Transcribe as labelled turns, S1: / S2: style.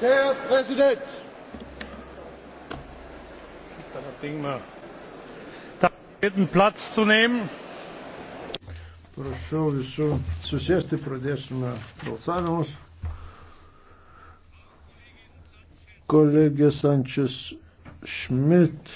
S1: Herr Präsident!
S2: Darf ich bitten, Platz zu nehmen? Prašau visų susėsti, pradėsime balsavimus. Kolegė Sančias
S3: Šmit